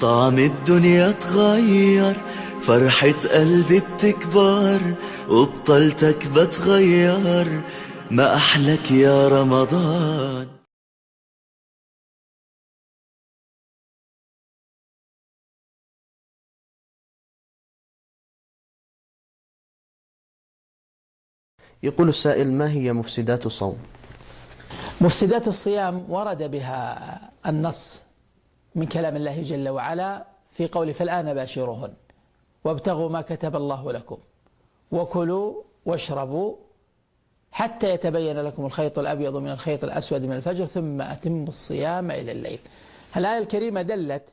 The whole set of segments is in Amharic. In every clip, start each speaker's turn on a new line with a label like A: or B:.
A: طعم الدنيا اتغير فرحة قلبي بتكبر وبطلتك بتغير ما أحلك يا رمضان يقول السائل ما هي مفسدات الصوم مفسدات الصيام ورد بها النص من كلام الله جل وعلا في قوله فالآن باشرهن وابتغوا ما كتب الله لكم وكلوا واشربوا حتى يتبين لكم الخيط الأبيض من الخيط الأسود من الفجر ثم أتم الصيام إلى الليل الآية الكريمة دلت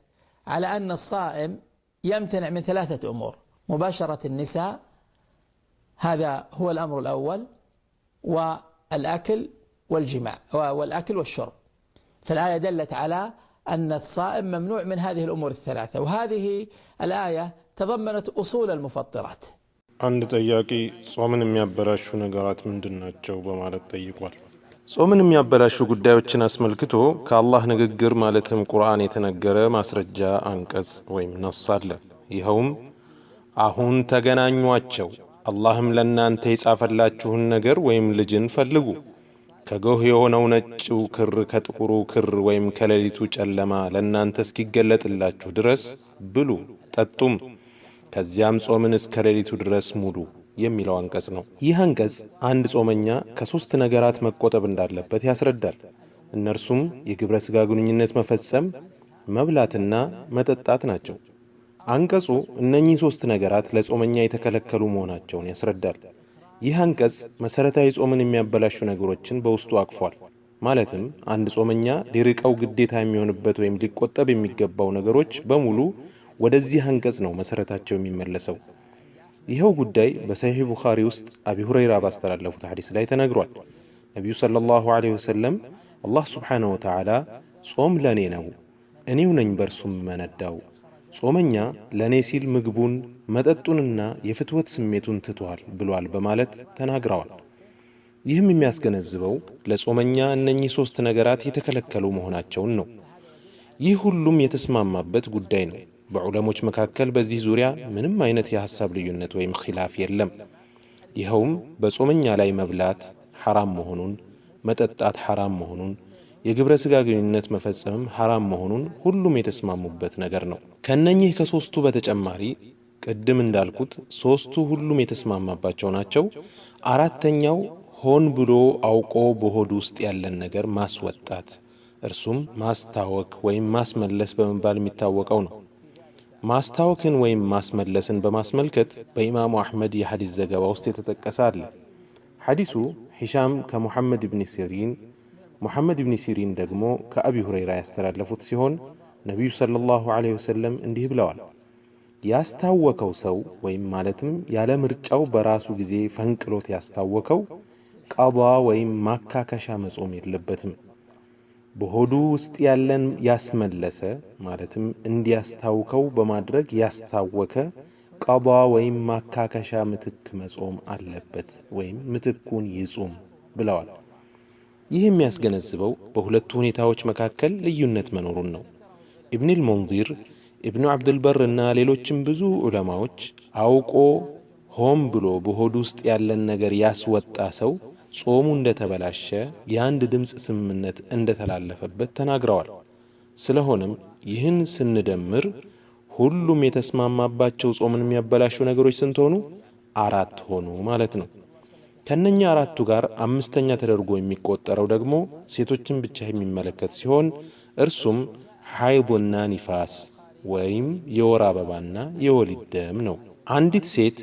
A: على أن الصائم يمتنع من ثلاثة أمور مباشرة النساء هذا هو الأمر الأول والأكل والجماع والأكل والشرب فالآية دلت على أن الصائم ممنوع من هذه الأمور الثلاثة وهذه الآية تضمنت أصول المفطرات
B: عند تياكي صومن ميابرا شو نقارات من دنا جوبا مالت تيقوال صومن ميابرا شو قدعو تشناس كالله نقر مالتهم قرآن يتنقر ماسرجا أنكس ويمن الصالة يهوم አሁን ተገናኟቸው አላህም ለእናንተ የጻፈላችሁን ነገር ወይም ልጅን ፈልጉ። ከጎህ የሆነው ነጭው ክር ከጥቁሩ ክር ወይም ከሌሊቱ ጨለማ ለእናንተ እስኪገለጥላችሁ ድረስ ብሉ፣ ጠጡም፣ ከዚያም ጾምን እስከ ሌሊቱ ድረስ ሙሉ የሚለው አንቀጽ ነው። ይህ አንቀጽ አንድ ጾመኛ ከሦስት ነገራት መቆጠብ እንዳለበት ያስረዳል። እነርሱም የግብረ ሥጋ ግንኙነት መፈጸም፣ መብላትና መጠጣት ናቸው። አንቀጹ እነኚህ ሦስት ነገራት ለጾመኛ የተከለከሉ መሆናቸውን ያስረዳል። ይህ አንቀጽ መሠረታዊ ጾምን የሚያበላሹ ነገሮችን በውስጡ አቅፏል። ማለትም አንድ ጾመኛ ሊርቀው ግዴታ የሚሆንበት ወይም ሊቆጠብ የሚገባው ነገሮች በሙሉ ወደዚህ አንቀጽ ነው መሠረታቸው የሚመለሰው። ይኸው ጉዳይ በሰሂህ ቡኻሪ ውስጥ አቢ ሁረይራ ባስተላለፉት ሐዲስ ላይ ተነግሯል። ነቢዩ ሰለላሁ ዐለይሂ ወሰለም አላህ ስብሓነሁ ወተዓላ ጾም ለእኔ ነው፣ እኔው ነኝ በእርሱም መነዳው ጾመኛ ለእኔ ሲል ምግቡን መጠጡንና የፍትወት ስሜቱን ትቷል ብሏል በማለት ተናግረዋል። ይህም የሚያስገነዝበው ለጾመኛ እነኚህ ሦስት ነገራት የተከለከሉ መሆናቸውን ነው። ይህ ሁሉም የተስማማበት ጉዳይ ነው። በዑለሞች መካከል በዚህ ዙሪያ ምንም አይነት የሐሳብ ልዩነት ወይም ኺላፍ የለም። ይኸውም በጾመኛ ላይ መብላት ሐራም መሆኑን፣ መጠጣት ሐራም መሆኑን የግብረ ስጋ ግንኙነት መፈጸምም ሐራም መሆኑን ሁሉም የተስማሙበት ነገር ነው። ከእነኚህ ከሦስቱ በተጨማሪ ቅድም እንዳልኩት ሦስቱ ሁሉም የተስማማባቸው ናቸው። አራተኛው ሆን ብሎ አውቆ በሆድ ውስጥ ያለን ነገር ማስወጣት እርሱም ማስታወክ ወይም ማስመለስ በመባል የሚታወቀው ነው። ማስታወክን ወይም ማስመለስን በማስመልከት በኢማሙ አሕመድ የሐዲስ ዘገባ ውስጥ የተጠቀሰ አለ። ሐዲሱ ሂሻም ከሙሐመድ ብን ሲሪን ሙሐመድ ብኒ ሲሪን ደግሞ ከአቢ ሁረይራ ያስተላለፉት ሲሆን ነቢዩ ሰለላሁ ዐለይሂ ወሰለም እንዲህ ብለዋል። ያስታወከው ሰው ወይም ማለትም ያለ ምርጫው በራሱ ጊዜ ፈንቅሎት ያስታወከው ቀዷ ወይም ማካከሻ መጾም የለበትም። በሆዱ ውስጥ ያለን ያስመለሰ ማለትም እንዲያስታውከው በማድረግ ያስታወከ ቀዷ ወይም ማካከሻ ምትክ መጾም አለበት ወይም ምትኩን ይጹም ብለዋል። ይህ የሚያስገነዝበው በሁለቱ ሁኔታዎች መካከል ልዩነት መኖሩን ነው። ኢብኑል ሙንዚር፣ ኢብኑ አብዱልበር እና ሌሎችም ብዙ ዑለማዎች አውቆ ሆም ብሎ በሆድ ውስጥ ያለን ነገር ያስወጣ ሰው ጾሙ እንደተበላሸ የአንድ ድምፅ ስምምነት እንደተላለፈበት ተናግረዋል። ስለሆነም ይህን ስንደምር ሁሉም የተስማማባቸው ጾምን የሚያበላሹ ነገሮች ስንት ሆኑ? አራት ሆኑ ማለት ነው። ከነኛ አራቱ ጋር አምስተኛ ተደርጎ የሚቆጠረው ደግሞ ሴቶችን ብቻ የሚመለከት ሲሆን እርሱም ሐይቦና ኒፋስ ወይም የወር አበባና የወሊድ ደም ነው። አንዲት ሴት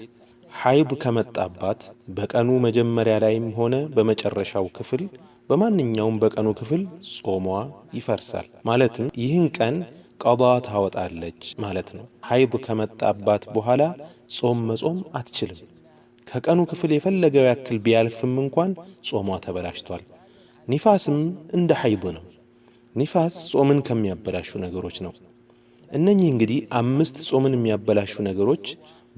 B: ሐይድ ከመጣባት በቀኑ መጀመሪያ ላይም ሆነ በመጨረሻው ክፍል በማንኛውም በቀኑ ክፍል ጾሟ ይፈርሳል። ማለትም ይህን ቀን ቀዷ ታወጣለች ማለት ነው። ሐይድ ከመጣባት በኋላ ጾም መጾም አትችልም። ከቀኑ ክፍል የፈለገው ያክል ቢያልፍም እንኳን ጾሟ ተበላሽቷል። ኒፋስም እንደ ሐይድ ነው። ኒፋስ ጾምን ከሚያበላሹ ነገሮች ነው። እነኚህ እንግዲህ አምስት ጾምን የሚያበላሹ ነገሮች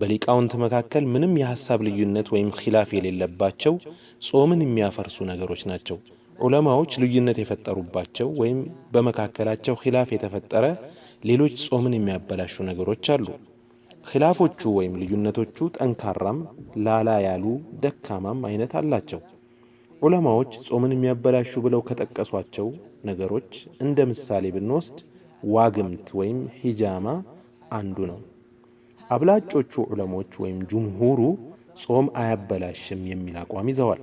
B: በሊቃውንት መካከል ምንም የሐሳብ ልዩነት ወይም ኺላፍ የሌለባቸው ጾምን የሚያፈርሱ ነገሮች ናቸው። ዑለማዎች ልዩነት የፈጠሩባቸው ወይም በመካከላቸው ኺላፍ የተፈጠረ ሌሎች ጾምን የሚያበላሹ ነገሮች አሉ። ኪላፎቹ ወይም ልዩነቶቹ ጠንካራም ላላ ያሉ ደካማም አይነት አላቸው። ዑለማዎች ጾምን የሚያበላሹ ብለው ከጠቀሷቸው ነገሮች እንደ ምሳሌ ብንወስድ ዋግምት ወይም ሂጃማ አንዱ ነው። አብላጮቹ ዑለሞች ወይም ጅምሁሩ ጾም አያበላሽም የሚል አቋም ይዘዋል።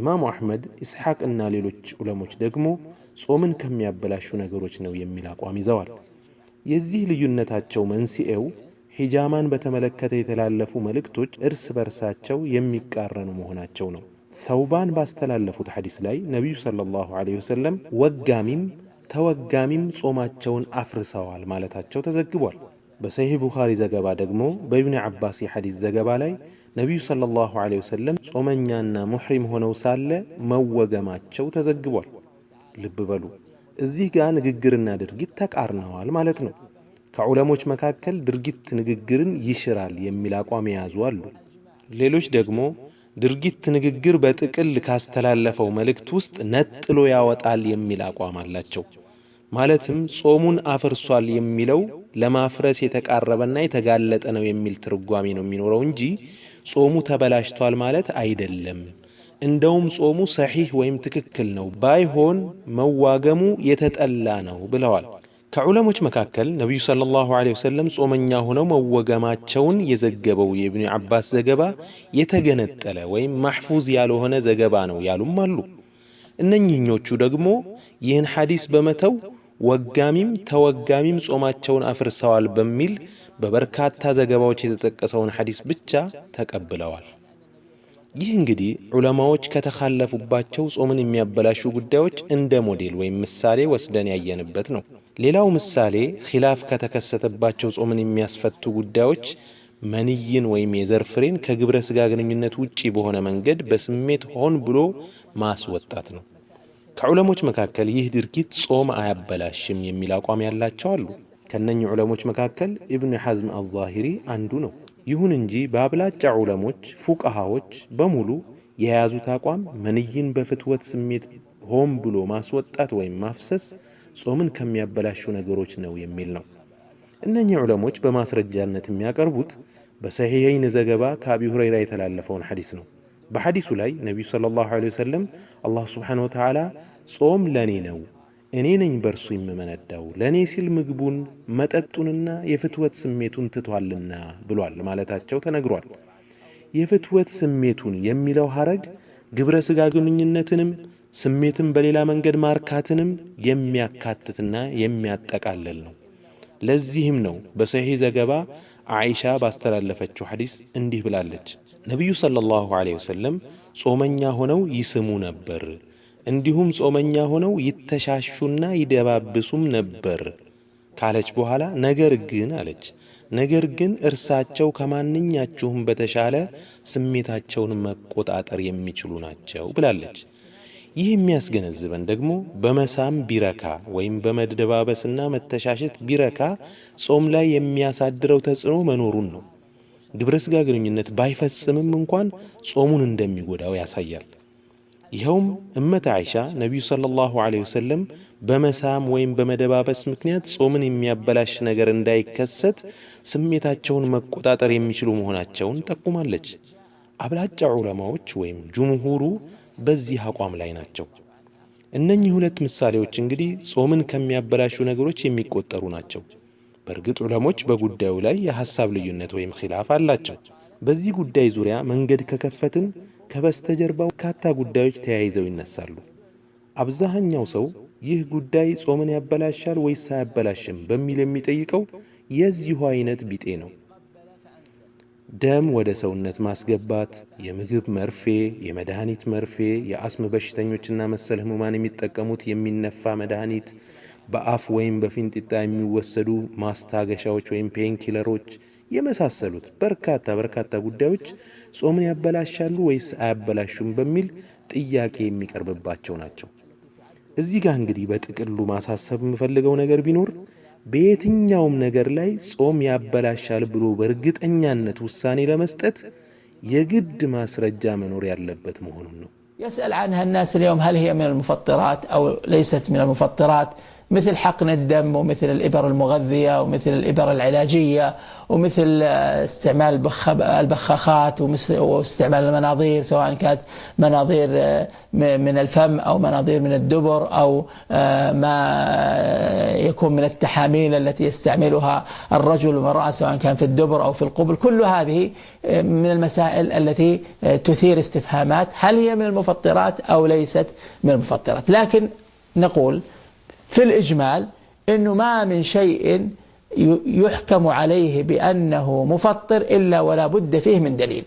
B: ኢማሙ አሕመድ፣ ኢስሐቅ እና ሌሎች ዑለሞች ደግሞ ጾምን ከሚያበላሹ ነገሮች ነው የሚል አቋም ይዘዋል። የዚህ ልዩነታቸው መንስኤው ሂጃማን በተመለከተ የተላለፉ መልእክቶች እርስ በርሳቸው የሚቃረኑ መሆናቸው ነው። ተውባን ባስተላለፉት ሐዲስ ላይ ነቢዩ ሰለላሁ ዐለይሂ ወሰለም ወጋሚም ተወጋሚም ጾማቸውን አፍርሰዋል ማለታቸው ተዘግቧል። በሰሂህ ቡኻሪ ዘገባ ደግሞ በኢብኒ ዓባስ የሐዲስ ዘገባ ላይ ነቢዩ ሰለላሁ ዐለይሂ ወሰለም ጾመኛና ሙሕሪም ሆነው ሳለ መወገማቸው ተዘግቧል። ልብ በሉ እዚህ ጋር ንግግርና ድርጊት ተቃርነዋል ማለት ነው። ከዑለሞች መካከል ድርጊት ንግግርን ይሽራል የሚል አቋም የያዙ አሉ። ሌሎች ደግሞ ድርጊት ንግግር በጥቅል ካስተላለፈው መልእክት ውስጥ ነጥሎ ያወጣል የሚል አቋም አላቸው። ማለትም ጾሙን አፍርሷል የሚለው ለማፍረስ የተቃረበና የተጋለጠ ነው የሚል ትርጓሜ ነው የሚኖረው እንጂ ጾሙ ተበላሽቷል ማለት አይደለም። እንደውም ጾሙ ሰሒህ ወይም ትክክል ነው፣ ባይሆን መዋገሙ የተጠላ ነው ብለዋል። ከዑለሞች መካከል ነቢዩ ሰለላሁ ዐለይሂ ወሰለም ጾመኛ ሆነው መወገማቸውን የዘገበው የኢብኑ አባስ ዘገባ የተገነጠለ ወይም ማሕፉዝ ያልሆነ ዘገባ ነው ያሉም አሉ። እነኚህኞቹ ደግሞ ይህን ሐዲስ በመተው ወጋሚም ተወጋሚም ጾማቸውን አፍርሰዋል በሚል በበርካታ ዘገባዎች የተጠቀሰውን ሐዲስ ብቻ ተቀብለዋል። ይህ እንግዲህ ዑለማዎች ከተካለፉባቸው ጾምን የሚያበላሹ ጉዳዮች እንደ ሞዴል ወይም ምሳሌ ወስደን ያየንበት ነው። ሌላው ምሳሌ ኺላፍ ከተከሰተባቸው ጾምን የሚያስፈቱ ጉዳዮች መንይን ወይም የዘር ፍሬን ከግብረ ሥጋ ግንኙነት ውጪ በሆነ መንገድ በስሜት ሆን ብሎ ማስወጣት ነው። ከዑለሞች መካከል ይህ ድርጊት ጾም አያበላሽም የሚል አቋም ያላቸው አሉ። ከነኝ ዑለሞች መካከል ኢብን ሐዝም አዛሂሪ አንዱ ነው። ይሁን እንጂ በአብላጫ ዑለሞች ፉቅሃዎች በሙሉ የያዙት አቋም መንይን በፍትወት ስሜት ሆን ብሎ ማስወጣት ወይም ማፍሰስ ጾምን ከሚያበላሹ ነገሮች ነው የሚል ነው። እነኚህ ዑለሞች በማስረጃነት የሚያቀርቡት በሰሒሐይን ዘገባ ከአቢ ሁረይራ የተላለፈውን ሐዲስ ነው። በሐዲሱ ላይ ነቢዩ ሰለላሁ ዐለይሂ ወሰለም አላህ ሱብሓነሁ ወተዓላ ጾም ለእኔ ነው እኔ ነኝ በእርሱ የምመነዳው ለእኔ ሲል ምግቡን መጠጡንና የፍትወት ስሜቱን ትቷልና ብሏል ማለታቸው ተነግሯል። የፍትወት ስሜቱን የሚለው ሐረግ ግብረ ሥጋ ግንኙነትንም ስሜትን በሌላ መንገድ ማርካትንም የሚያካትትና የሚያጠቃልል ነው። ለዚህም ነው በሰሂህ ዘገባ አይሻ ባስተላለፈችው ሐዲስ እንዲህ ብላለች። ነቢዩ ሰለላሁ ዐለይሂ ወሰለም ጾመኛ ሆነው ይስሙ ነበር እንዲሁም ጾመኛ ሆነው ይተሻሹና ይደባብሱም ነበር ካለች በኋላ ነገር ግን አለች፣ ነገር ግን እርሳቸው ከማንኛችሁም በተሻለ ስሜታቸውን መቆጣጠር የሚችሉ ናቸው ብላለች። ይህ የሚያስገነዝበን ደግሞ በመሳም ቢረካ ወይም በመደባበስና መተሻሸት ቢረካ ጾም ላይ የሚያሳድረው ተጽዕኖ መኖሩን ነው። ግብረ ሥጋ ግንኙነት ባይፈጽምም እንኳን ጾሙን እንደሚጎዳው ያሳያል። ይኸውም እመት አይሻ ነቢዩ ሰለላሁ ዐለይሂ ወሰለም በመሳም ወይም በመደባበስ ምክንያት ጾምን የሚያበላሽ ነገር እንዳይከሰት ስሜታቸውን መቆጣጠር የሚችሉ መሆናቸውን ጠቁማለች። አብላጫ ዑለማዎች ወይም ጅምሁሩ በዚህ አቋም ላይ ናቸው። እነኚህ ሁለት ምሳሌዎች እንግዲህ ጾምን ከሚያበላሹ ነገሮች የሚቆጠሩ ናቸው። በእርግጥ ዑለሞች በጉዳዩ ላይ የሐሳብ ልዩነት ወይም ኺላፍ አላቸው። በዚህ ጉዳይ ዙሪያ መንገድ ከከፈትን ከበስተጀርባው በርካታ ጉዳዮች ተያይዘው ይነሳሉ። አብዛኛው ሰው ይህ ጉዳይ ጾምን ያበላሻል ወይስ አያበላሽም በሚል የሚጠይቀው የዚሁ አይነት ቢጤ ነው። ደም ወደ ሰውነት ማስገባት፣ የምግብ መርፌ፣ የመድኃኒት መርፌ፣ የአስም በሽተኞችና መሰል ህሙማን የሚጠቀሙት የሚነፋ መድኃኒት፣ በአፍ ወይም በፊንጢጣ የሚወሰዱ ማስታገሻዎች ወይም ፔንኪለሮች የመሳሰሉት በርካታ በርካታ ጉዳዮች ጾምን ያበላሻሉ ወይስ አያበላሹም በሚል ጥያቄ የሚቀርብባቸው ናቸው። እዚህ ጋር እንግዲህ በጥቅሉ ማሳሰብ የምፈልገው ነገር ቢኖር በየትኛውም ነገር ላይ ጾም ያበላሻል ብሎ በእርግጠኛነት ውሳኔ ለመስጠት የግድ ማስረጃ መኖር ያለበት መሆኑን ነው።
C: የስአል ዐንሃ ናስ ልየውም ሀል ሂየ ሚነል ሙፈጢራት አው ለይሰት ሚነል ሙፈጢራት مثل حقن الدم ومثل الإبر المغذية ومثل الإبر العلاجية ومثل آه، استعمال البخاخات واستعمال المناظير سواء كانت مناظير آه، من الفم أو مناظير من الدبر أو آه، ما يكون من التحاميل التي يستعملها الرجل والمرأة سواء كان في الدبر أو في القبل كل هذه من المسائل التي تثير استفهامات هل هي من المفطرات أو ليست من المفطرات لكن نقول في الإجمال أنه ما من شيء يحكم عليه بأنه مفطر إلا ولا بد فيه من دليل